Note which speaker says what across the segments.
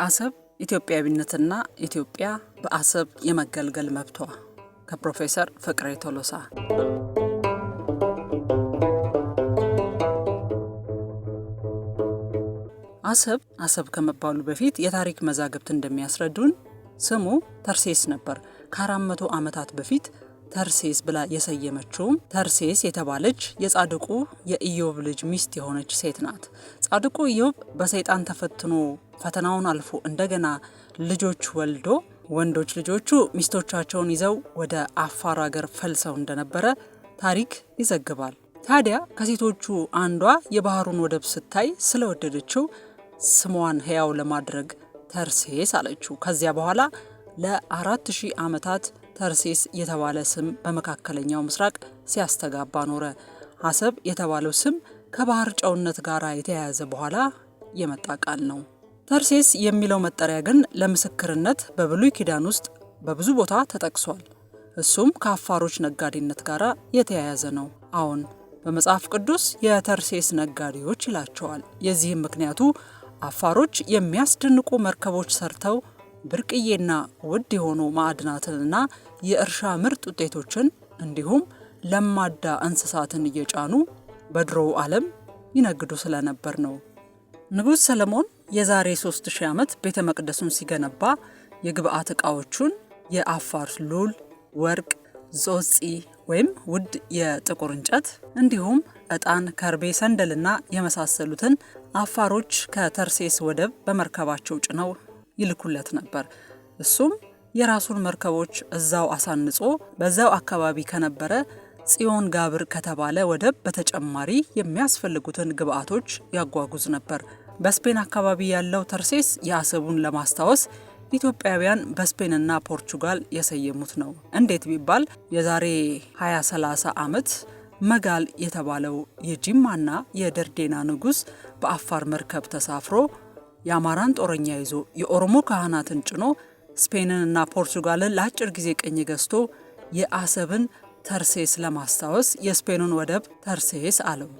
Speaker 1: የአሰብ ኢትዮጵያዊነትና ኢትዮጵያ በአሰብ የመገልገል መብቷ ከፕሮፌሰር ፍቅሬ ቶሎሳ። አሰብ አሰብ ከመባሉ በፊት የታሪክ መዛግብት እንደሚያስረዱን ስሙ ተርሴስ ነበር። ከ ከ400 ዓመታት በፊት ተርሴስ ብላ የሰየመችው ተርሴስ የተባለች የጻድቁ የኢዮብ ልጅ ሚስት የሆነች ሴት ናት። ጻድቁ ኢዮብ በሰይጣን ተፈትኖ ፈተናውን አልፎ እንደገና ልጆች ወልዶ ወንዶች ልጆቹ ሚስቶቻቸውን ይዘው ወደ አፋር ሀገር ፈልሰው እንደነበረ ታሪክ ይዘግባል። ታዲያ ከሴቶቹ አንዷ የባህሩን ወደብ ስታይ ስለወደደችው ስሟን ሕያው ለማድረግ ተርሴስ አለችው። ከዚያ በኋላ ለአራት ሺህ ዓመታት ተርሴስ የተባለ ስም በመካከለኛው ምስራቅ ሲያስተጋባ ኖረ። አሰብ የተባለው ስም ከባህር ጨውነት ጋር የተያያዘ በኋላ የመጣ ቃል ነው። ተርሴስ የሚለው መጠሪያ ግን ለምስክርነት በብሉይ ኪዳን ውስጥ በብዙ ቦታ ተጠቅሷል። እሱም ከአፋሮች ነጋዴነት ጋር የተያያዘ ነው። አሁን በመጽሐፍ ቅዱስ የተርሴስ ነጋዴዎች ይላቸዋል። የዚህም ምክንያቱ አፋሮች የሚያስደንቁ መርከቦች ሰርተው ብርቅዬና ውድ የሆኑ ማዕድናትንና የእርሻ ምርጥ ውጤቶችን እንዲሁም ለማዳ እንስሳትን እየጫኑ በድሮው ዓለም ይነግዱ ስለነበር ነው። ንጉሥ ሰለሞን የዛሬ 3000 ዓመት ቤተ መቅደሱን ሲገነባ የግብአት ዕቃዎቹን የአፋር ሉል፣ ወርቅ፣ ዞፂ ወይም ውድ የጥቁር እንጨት እንዲሁም ዕጣን፣ ከርቤ፣ ሰንደልና የመሳሰሉትን አፋሮች ከተርሴስ ወደብ በመርከባቸው ጭነው ይልኩለት ነበር። እሱም የራሱን መርከቦች እዛው አሳንጾ በዛው አካባቢ ከነበረ ጽዮን ጋብር ከተባለ ወደብ በተጨማሪ የሚያስፈልጉትን ግብአቶች ያጓጉዝ ነበር። በስፔን አካባቢ ያለው ተርሴስ የአሰቡን ለማስታወስ ኢትዮጵያውያን በስፔንና ፖርቹጋል የሰየሙት ነው። እንዴት ቢባል የዛሬ 230 ዓመት መጋል የተባለው የጂማና የደርዴና ንጉሥ በአፋር መርከብ ተሳፍሮ የአማራን ጦረኛ ይዞ የኦሮሞ ካህናትን ጭኖ ስፔንንና ፖርቹጋልን ለአጭር ጊዜ ቅኝ ገዝቶ የአሰብን ተርሴስ ለማስታወስ የስፔኑን ወደብ ተርሴስ አለው።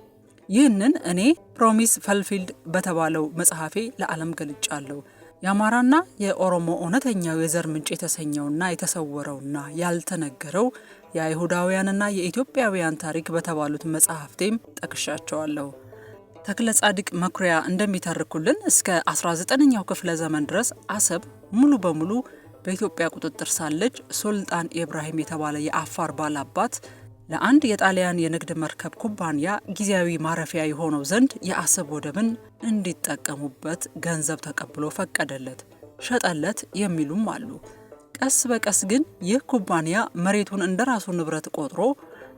Speaker 1: ይህንን እኔ ፕሮሚስ ፈልፊልድ በተባለው መጽሐፌ ለዓለም ገልጫለሁ። የአማራና የኦሮሞ እውነተኛው የዘር ምንጭ የተሰኘውና የተሰወረውና ያልተነገረው የአይሁዳውያንና የኢትዮጵያውያን ታሪክ በተባሉት መጽሐፍቴም ጠቅሻቸዋለሁ። ተክለ ጻድቅ መኩሪያ እንደሚተርኩልን እስከ 19ኛው ክፍለ ዘመን ድረስ አሰብ ሙሉ በሙሉ በኢትዮጵያ ቁጥጥር ሳለች ሱልጣን ኢብራሂም የተባለ የአፋር ባላባት ለአንድ የጣሊያን የንግድ መርከብ ኩባንያ ጊዜያዊ ማረፊያ የሆነው ዘንድ የአሰብ ወደብን እንዲጠቀሙበት ገንዘብ ተቀብሎ ፈቀደለት፣ ሸጠለት የሚሉም አሉ። ቀስ በቀስ ግን ይህ ኩባንያ መሬቱን እንደራሱ ንብረት ቆጥሮ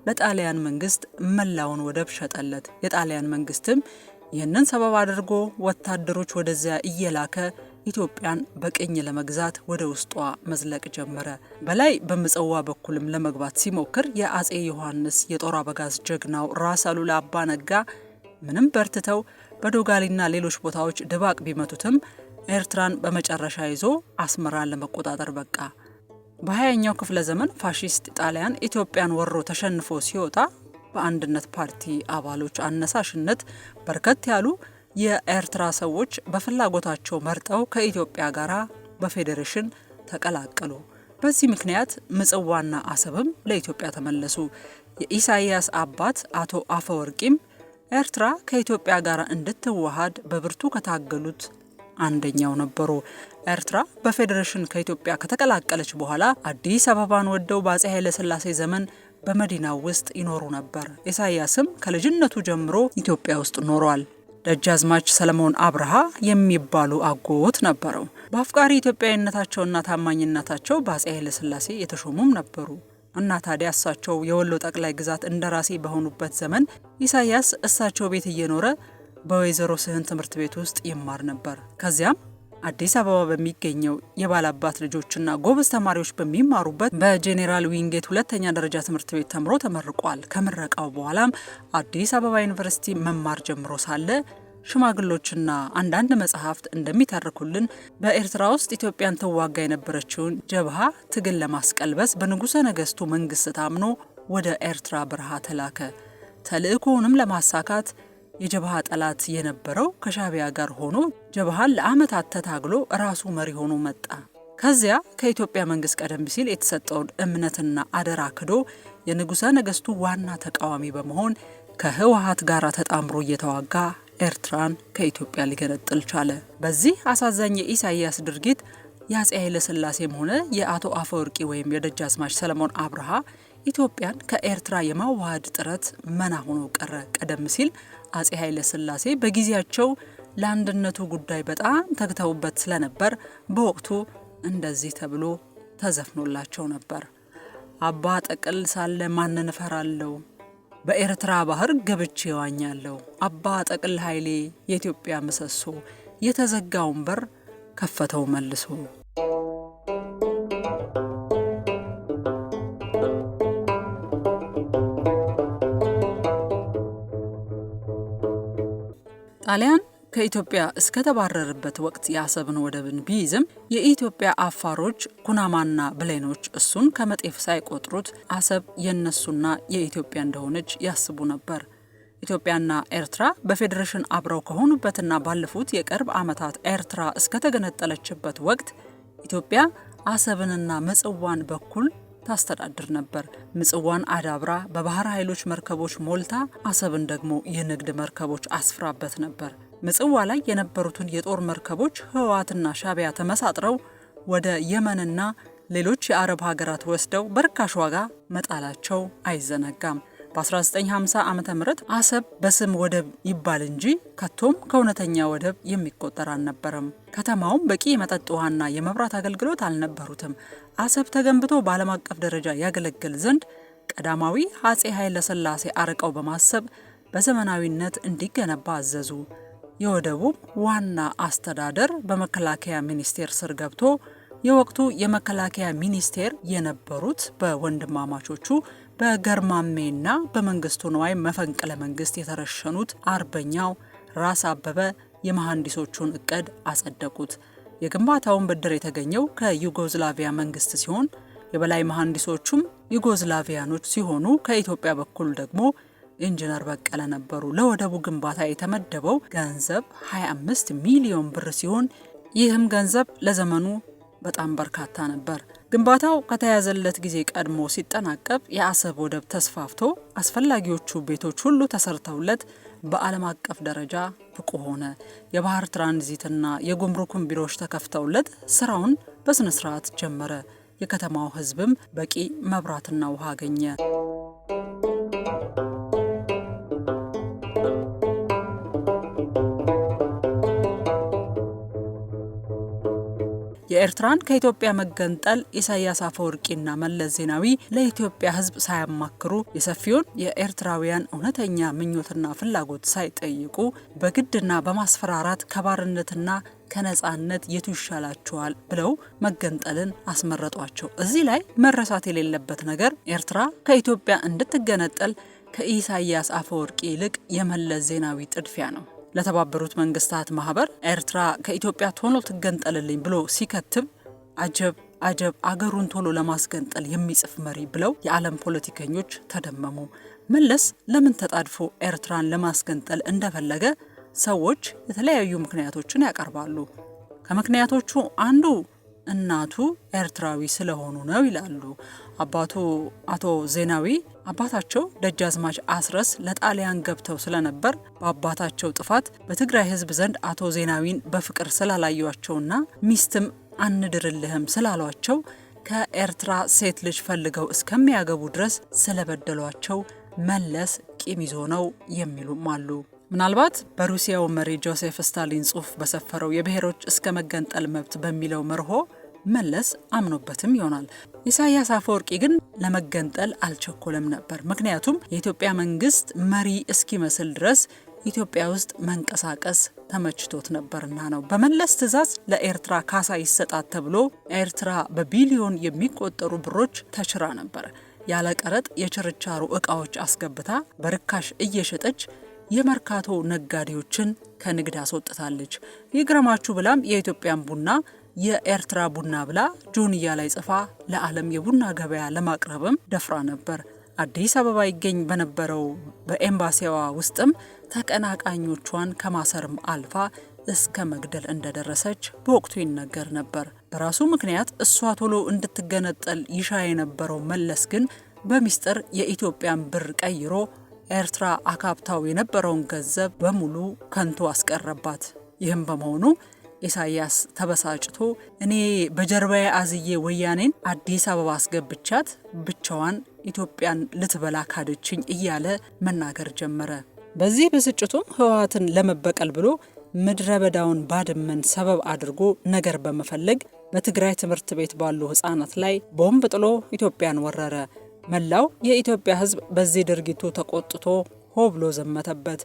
Speaker 1: ለጣሊያን መንግስት መላውን ወደብ ሸጠለት። የጣሊያን መንግስትም ይህንን ሰበብ አድርጎ ወታደሮች ወደዚያ እየላከ ኢትዮጵያን በቅኝ ለመግዛት ወደ ውስጧ መዝለቅ ጀመረ። በላይ በምጽዋ በኩልም ለመግባት ሲሞክር የአጼ ዮሐንስ የጦር አበጋዝ ጀግናው ራስ አሉላ አባ ነጋ ምንም በርትተው በዶጋሊና ሌሎች ቦታዎች ድባቅ ቢመቱትም ኤርትራን በመጨረሻ ይዞ አስመራን ለመቆጣጠር በቃ። በሀያኛው ክፍለ ዘመን ፋሺስት ጣሊያን ኢትዮጵያን ወሮ ተሸንፎ ሲወጣ በአንድነት ፓርቲ አባሎች አነሳሽነት በርከት ያሉ የኤርትራ ሰዎች በፍላጎታቸው መርጠው ከኢትዮጵያ ጋር በፌዴሬሽን ተቀላቀሉ። በዚህ ምክንያት ምጽዋና አሰብም ለኢትዮጵያ ተመለሱ። የኢሳይያስ አባት አቶ አፈወርቂም ኤርትራ ከኢትዮጵያ ጋር እንድትዋሃድ በብርቱ ከታገሉት አንደኛው ነበሩ። ኤርትራ በፌዴሬሽን ከኢትዮጵያ ከተቀላቀለች በኋላ አዲስ አበባን ወደው በአጼ ኃይለሥላሴ ዘመን በመዲናው ውስጥ ይኖሩ ነበር። ኢሳያስም ከልጅነቱ ጀምሮ ኢትዮጵያ ውስጥ ኖሯል። ደጃዝማች ሰለሞን አብርሃ የሚባሉ አጎት ነበረው። በአፍቃሪ ኢትዮጵያዊነታቸውና ታማኝነታቸው በአጼ ኃይለሥላሴ የተሾሙም ነበሩ እና ታዲያ እሳቸው የወሎ ጠቅላይ ግዛት እንደራሴ በሆኑበት ዘመን ኢሳያስ እሳቸው ቤት እየኖረ በወይዘሮ ስህን ትምህርት ቤት ውስጥ ይማር ነበር። ከዚያም አዲስ አበባ በሚገኘው የባላባት ልጆችና ጎበዝ ተማሪዎች በሚማሩበት በጄኔራል ዊንጌት ሁለተኛ ደረጃ ትምህርት ቤት ተምሮ ተመርቋል። ከምረቃው በኋላም አዲስ አበባ ዩኒቨርሲቲ መማር ጀምሮ ሳለ ሽማግሎችና አንዳንድ መጽሐፍት እንደሚተርኩልን በኤርትራ ውስጥ ኢትዮጵያን ትዋጋ የነበረችውን ጀብሃ ትግል ለማስቀልበስ በንጉሠ ነገሥቱ መንግሥት ታምኖ ወደ ኤርትራ በረሃ ተላከ። ተልእኮውንም ለማሳካት የጀብሃ ጠላት የነበረው ከሻቢያ ጋር ሆኖ ጀብሃን ለአመታት ተታግሎ ራሱ መሪ ሆኖ መጣ። ከዚያ ከኢትዮጵያ መንግስት ቀደም ሲል የተሰጠውን እምነትና አደራ ክዶ የንጉሠ ነገሥቱ ዋና ተቃዋሚ በመሆን ከህወሀት ጋር ተጣምሮ እየተዋጋ ኤርትራን ከኢትዮጵያ ሊገነጥል ቻለ። በዚህ አሳዛኝ የኢሳይያስ ድርጊት የአፄ ኃይለሥላሴም ሆነ የአቶ አፈወርቂ ወይም የደጃዝማች ሰለሞን አብርሃ ኢትዮጵያን ከኤርትራ የማዋሃድ ጥረት መና ሆኖ ቀረ። ቀደም ሲል አጼ ኃይለ ስላሴ በጊዜያቸው ለአንድነቱ ጉዳይ በጣም ተግተውበት ስለነበር በወቅቱ እንደዚህ ተብሎ ተዘፍኖላቸው ነበር። አባ ጠቅል ሳለ ማንን እፈራለሁ? በኤርትራ ባህር ገብቼ ዋኛለሁ። አባ ጠቅል ኃይሌ የኢትዮጵያ ምሰሶ የተዘጋውን በር ከፈተው መልሶ ጣሊያን ከኢትዮጵያ እስከተባረርበት ወቅት የአሰብን ወደብን ቢይዝም የኢትዮጵያ አፋሮች፣ ኩናማና ብሌኖች እሱን ከመጤፍ ሳይቆጥሩት አሰብ የነሱና የኢትዮጵያ እንደሆነች ያስቡ ነበር። ኢትዮጵያና ኤርትራ በፌዴሬሽን አብረው ከሆኑበትና ባለፉት የቅርብ ዓመታት ኤርትራ እስከተገነጠለችበት ወቅት ኢትዮጵያ አሰብንና ምጽዋን በኩል ታስተዳድር ነበር። ምጽዋን አዳብራ በባህር ኃይሎች መርከቦች ሞልታ፣ አሰብን ደግሞ የንግድ መርከቦች አስፍራበት ነበር። ምጽዋ ላይ የነበሩትን የጦር መርከቦች ህወሓትና ሻቢያ ተመሳጥረው ወደ የመንና ሌሎች የአረብ ሀገራት ወስደው በርካሽ ዋጋ መጣላቸው አይዘነጋም። በ1950 ዓ ም አሰብ በስም ወደብ ይባል እንጂ ከቶም ከእውነተኛ ወደብ የሚቆጠር አልነበረም። ከተማውም በቂ የመጠጥ ውሃና የመብራት አገልግሎት አልነበሩትም። አሰብ ተገንብቶ በዓለም አቀፍ ደረጃ ያገለግል ዘንድ ቀዳማዊ አጼ ኃይለ ሥላሴ አርቀው በማሰብ በዘመናዊነት እንዲገነባ አዘዙ። የወደቡም ዋና አስተዳደር በመከላከያ ሚኒስቴር ስር ገብቶ የወቅቱ የመከላከያ ሚኒስቴር የነበሩት በወንድማማቾቹ በገርማሜና በመንግስቱ ነዋይ መፈንቅለ መንግስት የተረሸኑት አርበኛው ራስ አበበ የመሐንዲሶቹን እቅድ አጸደቁት። የግንባታውን ብድር የተገኘው ከዩጎዝላቪያ መንግስት ሲሆን የበላይ መሐንዲሶቹም ዩጎዝላቪያኖች ሲሆኑ ከኢትዮጵያ በኩል ደግሞ ኢንጂነር በቀለ ነበሩ። ለወደቡ ግንባታ የተመደበው ገንዘብ 25 ሚሊዮን ብር ሲሆን ይህም ገንዘብ ለዘመኑ በጣም በርካታ ነበር። ግንባታው ከተያዘለት ጊዜ ቀድሞ ሲጠናቀቅ የአሰብ ወደብ ተስፋፍቶ አስፈላጊዎቹ ቤቶች ሁሉ ተሰርተውለት በዓለም አቀፍ ደረጃ ብቁ ሆነ። የባህር ትራንዚትና የጉምሩክም ቢሮዎች ተከፍተውለት ስራውን በስነስርዓት ጀመረ። የከተማው ህዝብም በቂ መብራትና ውሃ አገኘ። የኤርትራን ከኢትዮጵያ መገንጠል ኢሳያስ አፈወርቂና መለስ ዜናዊ ለኢትዮጵያ ሕዝብ ሳያማክሩ የሰፊውን የኤርትራውያን እውነተኛ ምኞትና ፍላጎት ሳይጠይቁ በግድና በማስፈራራት ከባርነትና ከነጻነት የቱ ይሻላችኋል ብለው መገንጠልን አስመረጧቸው። እዚህ ላይ መረሳት የሌለበት ነገር ኤርትራ ከኢትዮጵያ እንድትገነጠል ከኢሳያስ አፈወርቂ ይልቅ የመለስ ዜናዊ ጥድፊያ ነው። ለተባበሩት መንግስታት ማህበር ኤርትራ ከኢትዮጵያ ቶሎ ትገንጠልልኝ ብሎ ሲከትብ አጀብ አጀብ አገሩን ቶሎ ለማስገንጠል የሚጽፍ መሪ ብለው የዓለም ፖለቲከኞች ተደመሙ። መለስ ለምን ተጣድፎ ኤርትራን ለማስገንጠል እንደፈለገ ሰዎች የተለያዩ ምክንያቶችን ያቀርባሉ። ከምክንያቶቹ አንዱ እናቱ ኤርትራዊ ስለሆኑ ነው ይላሉ። አባቱ አቶ ዜናዊ አባታቸው ደጃዝማች አስረስ ለጣሊያን ገብተው ስለነበር በአባታቸው ጥፋት በትግራይ ሕዝብ ዘንድ አቶ ዜናዊን በፍቅር ስላላዩቸውና ሚስትም አንድርልህም ስላሏቸው ከኤርትራ ሴት ልጅ ፈልገው እስከሚያገቡ ድረስ ስለበደሏቸው መለስ ቂም ይዞ ነው የሚሉም አሉ። ምናልባት በሩሲያው መሪ ጆሴፍ ስታሊን ጽሑፍ በሰፈረው የብሔሮች እስከ መገንጠል መብት በሚለው መርሆ መለስ አምኖበትም ይሆናል። ኢሳያስ አፈወርቂ ግን ለመገንጠል አልቸኮለም ነበር። ምክንያቱም የኢትዮጵያ መንግስት መሪ እስኪመስል ድረስ ኢትዮጵያ ውስጥ መንቀሳቀስ ተመችቶት ነበርና ነው። በመለስ ትዕዛዝ ለኤርትራ ካሳ ይሰጣት ተብሎ ኤርትራ በቢሊዮን የሚቆጠሩ ብሮች ተችራ ነበር። ያለ ቀረጥ የችርቻሮ እቃዎች አስገብታ በርካሽ እየሸጠች የመርካቶ ነጋዴዎችን ከንግድ አስወጥታለች። ይግረማችሁ ብላም የኢትዮጵያን ቡና የኤርትራ ቡና ብላ ጆንያ ላይ ጽፋ ለዓለም የቡና ገበያ ለማቅረብም ደፍራ ነበር። አዲስ አበባ ይገኝ በነበረው በኤምባሲዋ ውስጥም ተቀናቃኞቿን ከማሰርም አልፋ እስከ መግደል እንደደረሰች በወቅቱ ይነገር ነበር። በራሱ ምክንያት እሷ ቶሎ እንድትገነጠል ይሻ የነበረው መለስ ግን በሚስጥር የኢትዮጵያን ብር ቀይሮ ኤርትራ አካብታው የነበረውን ገንዘብ በሙሉ ከንቱ አስቀረባት። ይህም በመሆኑ ኢሳያስ ተበሳጭቶ እኔ በጀርባዬ አዝዬ ወያኔን አዲስ አበባ አስገብቻት ብቻዋን ኢትዮጵያን ልትበላ ካደችኝ እያለ መናገር ጀመረ። በዚህ ብስጭቱም ህወሓትን ለመበቀል ብሎ ምድረ በዳውን ባድመን ሰበብ አድርጎ ነገር በመፈለግ በትግራይ ትምህርት ቤት ባሉ ህጻናት ላይ ቦምብ ጥሎ ኢትዮጵያን ወረረ። መላው የኢትዮጵያ ሕዝብ በዚህ ድርጊቱ ተቆጥቶ ሆ ብሎ ዘመተበት።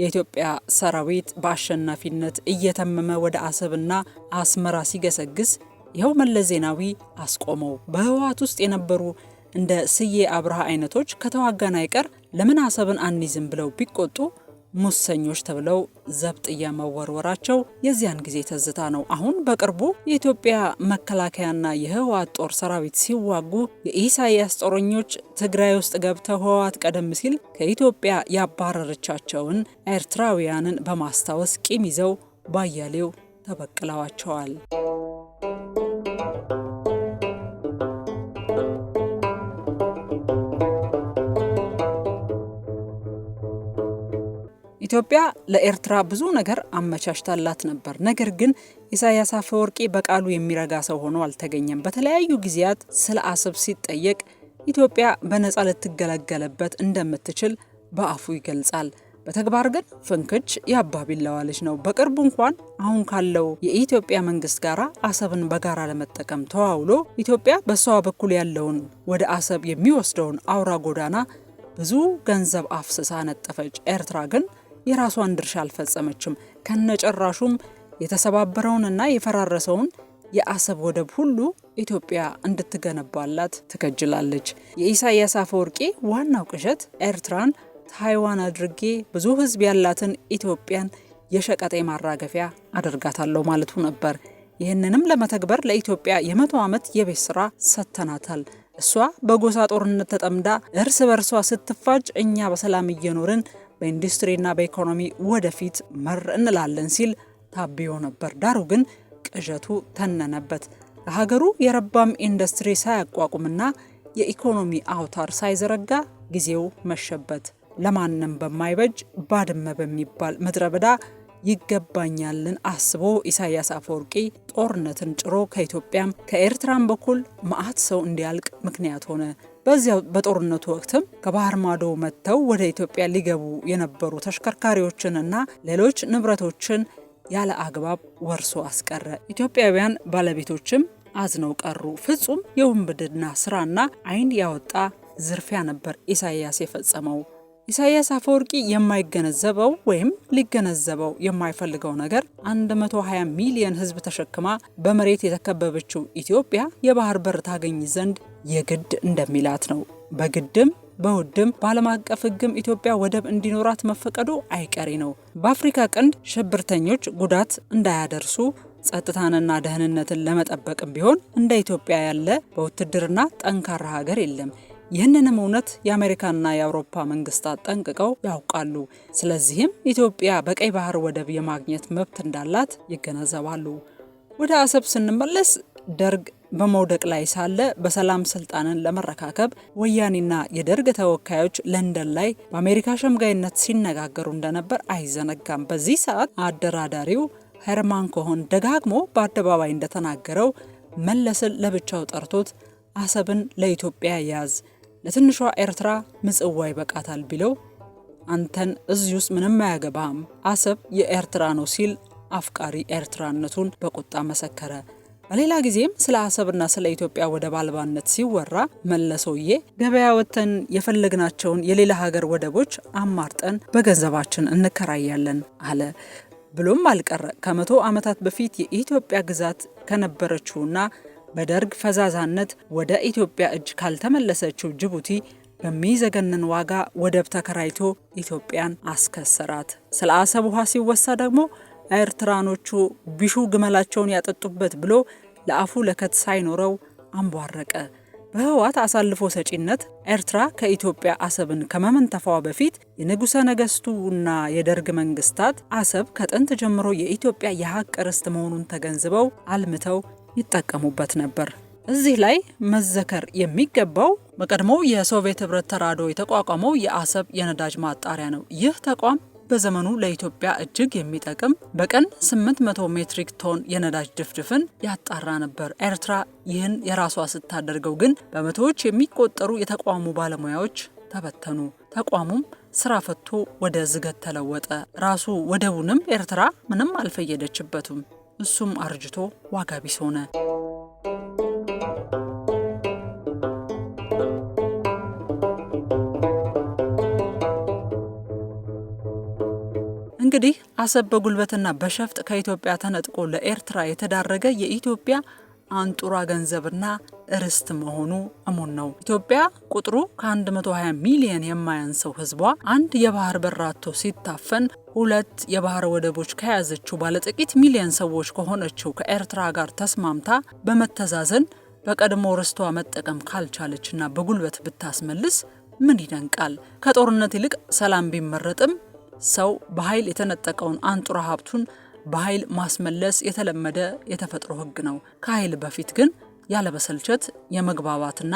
Speaker 1: የኢትዮጵያ ሰራዊት በአሸናፊነት እየተመመ ወደ አሰብና አስመራ ሲገሰግስ ይኸው መለስ ዜናዊ አስቆመው። በህወሓት ውስጥ የነበሩ እንደ ስዬ አብርሃ አይነቶች ከተዋጋን አይቀር ለምን አሰብን አንይዝም ብለው ቢቆጡ ሙሰኞች ተብለው ዘብጥያ መወርወራቸው የዚያን ጊዜ ትዝታ ነው። አሁን በቅርቡ የኢትዮጵያ መከላከያና የህወሓት ጦር ሰራዊት ሲዋጉ የኢሳያስ ጦረኞች ትግራይ ውስጥ ገብተው ህወሓት ቀደም ሲል ከኢትዮጵያ ያባረረቻቸውን ኤርትራውያንን በማስታወስ ቂም ይዘው ባያሌው ተበቅለዋቸዋል። ኢትዮጵያ ለኤርትራ ብዙ ነገር አመቻችታላት ነበር። ነገር ግን ኢሳያስ አፈወርቂ በቃሉ የሚረጋ ሰው ሆኖ አልተገኘም። በተለያዩ ጊዜያት ስለ አሰብ ሲጠየቅ ኢትዮጵያ በነፃ ልትገለገለበት እንደምትችል በአፉ ይገልጻል። በተግባር ግን ፍንክች የአባ ነው። በቅርቡ እንኳን አሁን ካለው የኢትዮጵያ መንግስት ጋር አሰብን በጋራ ለመጠቀም ተዋውሎ ኢትዮጵያ በሷ በኩል ያለውን ወደ አሰብ የሚወስደውን አውራ ጎዳና ብዙ ገንዘብ አፍስሳ ነጠፈች። ኤርትራ ግን የራሷን ድርሻ አልፈጸመችም። ከነጨራሹም የተሰባበረውንና የፈራረሰውን የአሰብ ወደብ ሁሉ ኢትዮጵያ እንድትገነባላት ትከጅላለች። የኢሳያስ አፈወርቂ ዋናው ቅዠት ኤርትራን ታይዋን አድርጌ ብዙ ሕዝብ ያላትን ኢትዮጵያን የሸቀጤ ማራገፊያ አደርጋታለሁ ማለቱ ነበር። ይህንንም ለመተግበር ለኢትዮጵያ የመቶ ዓመት የቤት ስራ ሰጥተናታል። እሷ በጎሳ ጦርነት ተጠምዳ እርስ በርሷ ስትፋጭ፣ እኛ በሰላም እየኖርን በኢንዱስትሪና በኢኮኖሚ ወደፊት መር እንላለን ሲል ታብዮ ነበር። ዳሩ ግን ቅዠቱ ተነነበት። ለሀገሩ የረባም ኢንዱስትሪ ሳያቋቁምና የኢኮኖሚ አውታር ሳይዘረጋ ጊዜው መሸበት። ለማንም በማይበጅ ባድመ በሚባል ምድረ በዳ ይገባኛልን አስቦ ኢሳያስ አፈወርቂ ጦርነትን ጭሮ ከኢትዮጵያም ከኤርትራም በኩል መዓት ሰው እንዲያልቅ ምክንያት ሆነ። በዚያው በጦርነቱ ወቅትም ከባህር ማዶ መጥተው ወደ ኢትዮጵያ ሊገቡ የነበሩ ተሽከርካሪዎችንና ሌሎች ንብረቶችን ያለ አግባብ ወርሶ አስቀረ። ኢትዮጵያውያን ባለቤቶችም አዝነው ቀሩ። ፍጹም የውንብድና ስራና አይን ያወጣ ዝርፊያ ነበር ኢሳይያስ የፈጸመው። ኢሳያስ አፈወርቂ የማይገነዘበው ወይም ሊገነዘበው የማይፈልገው ነገር 120 ሚሊዮን ሕዝብ ተሸክማ በመሬት የተከበበችው ኢትዮጵያ የባህር በር ታገኝ ዘንድ የግድ እንደሚላት ነው። በግድም በውድም በዓለም አቀፍ ሕግም ኢትዮጵያ ወደብ እንዲኖራት መፈቀዱ አይቀሬ ነው። በአፍሪካ ቀንድ ሽብርተኞች ጉዳት እንዳያደርሱ ጸጥታንና ደህንነትን ለመጠበቅም ቢሆን እንደ ኢትዮጵያ ያለ በውትድርና ጠንካራ ሀገር የለም። ይህንንም እውነት የአሜሪካና የአውሮፓ መንግስታት ጠንቅቀው ያውቃሉ። ስለዚህም ኢትዮጵያ በቀይ ባህር ወደብ የማግኘት መብት እንዳላት ይገነዘባሉ። ወደ አሰብ ስንመለስ ደርግ በመውደቅ ላይ ሳለ በሰላም ስልጣንን ለመረካከብ ወያኔና የደርግ ተወካዮች ለንደን ላይ በአሜሪካ ሸምጋይነት ሲነጋገሩ እንደነበር አይዘነጋም። በዚህ ሰዓት አደራዳሪው ሄርማን ኮሆን ደጋግሞ በአደባባይ እንደተናገረው መለስን ለብቻው ጠርቶት አሰብን ለኢትዮጵያ ያዝ ለትንሿ ኤርትራ ምጽዋ ይበቃታል ቢለው አንተን እዚህ ውስጥ ምንም አያገባም፣ አሰብ የኤርትራ ነው ሲል አፍቃሪ ኤርትራነቱን በቁጣ መሰከረ። በሌላ ጊዜም ስለ አሰብና ስለ ኢትዮጵያ ወደብ አልባነት ሲወራ መለሰውዬ ገበያ ወጥተን የፈለግናቸውን የሌላ ሀገር ወደቦች አማርጠን በገንዘባችን እንከራያለን አለ። ብሎም አልቀረ ከመቶ ዓመታት በፊት የኢትዮጵያ ግዛት ከነበረችውና በደርግ ፈዛዛነት ወደ ኢትዮጵያ እጅ ካልተመለሰችው ጅቡቲ በሚዘገንን ዋጋ ወደብ ተከራይቶ ኢትዮጵያን አስከሰራት። ስለ አሰብ ውሃ ሲወሳ ደግሞ ኤርትራኖቹ ቢሹ ግመላቸውን ያጠጡበት ብሎ ለአፉ ለከት ሳይኖረው አንቧረቀ። በህወሓት አሳልፎ ሰጪነት ኤርትራ ከኢትዮጵያ አሰብን ከመመንተፋዋ በፊት የንጉሠ ነገሥቱና የደርግ መንግስታት አሰብ ከጥንት ጀምሮ የኢትዮጵያ የሀቅ ርስት መሆኑን ተገንዝበው አልምተው ይጠቀሙበት ነበር። እዚህ ላይ መዘከር የሚገባው በቀድሞው የሶቪየት ህብረት ተራድኦ የተቋቋመው የአሰብ የነዳጅ ማጣሪያ ነው። ይህ ተቋም በዘመኑ ለኢትዮጵያ እጅግ የሚጠቅም በቀን 800 ሜትሪክ ቶን የነዳጅ ድፍድፍን ያጣራ ነበር። ኤርትራ ይህን የራሷ ስታደርገው ግን በመቶዎች የሚቆጠሩ የተቋሙ ባለሙያዎች ተበተኑ። ተቋሙም ስራ ፈቶ ወደ ዝገት ተለወጠ። ራሱ ወደቡንም ኤርትራ ምንም አልፈየደችበትም። እሱም አርጅቶ ዋጋ ቢስ ሆነ። እንግዲህ አሰብ በጉልበትና በሸፍጥ ከኢትዮጵያ ተነጥቆ ለኤርትራ የተዳረገ የኢትዮጵያ አንጡራ ገንዘብና ርስት መሆኑ እሙን ነው። ኢትዮጵያ ቁጥሩ ከ120 ሚሊየን የማያንሰው ህዝቧ አንድ የባህር በራቶ ሲታፈን ሁለት የባህር ወደቦች ከያዘችው ባለጥቂት ሚሊየን ሰዎች ከሆነችው ከኤርትራ ጋር ተስማምታ በመተዛዘን በቀድሞ ርስቷ መጠቀም ካልቻለችና በጉልበት ብታስመልስ ምን ይደንቃል? ከጦርነት ይልቅ ሰላም ቢመረጥም ሰው በኃይል የተነጠቀውን አንጡራ ሀብቱን በኃይል ማስመለስ የተለመደ የተፈጥሮ ህግ ነው። ከኃይል በፊት ግን ያለበሰልቸት የመግባባትና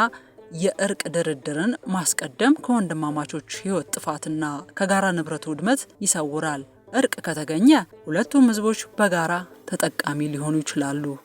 Speaker 1: የእርቅ ድርድርን ማስቀደም ከወንድማማቾች ህይወት ጥፋትና ከጋራ ንብረት ውድመት ይሰውራል። እርቅ ከተገኘ ሁለቱም ህዝቦች በጋራ ተጠቃሚ ሊሆኑ ይችላሉ።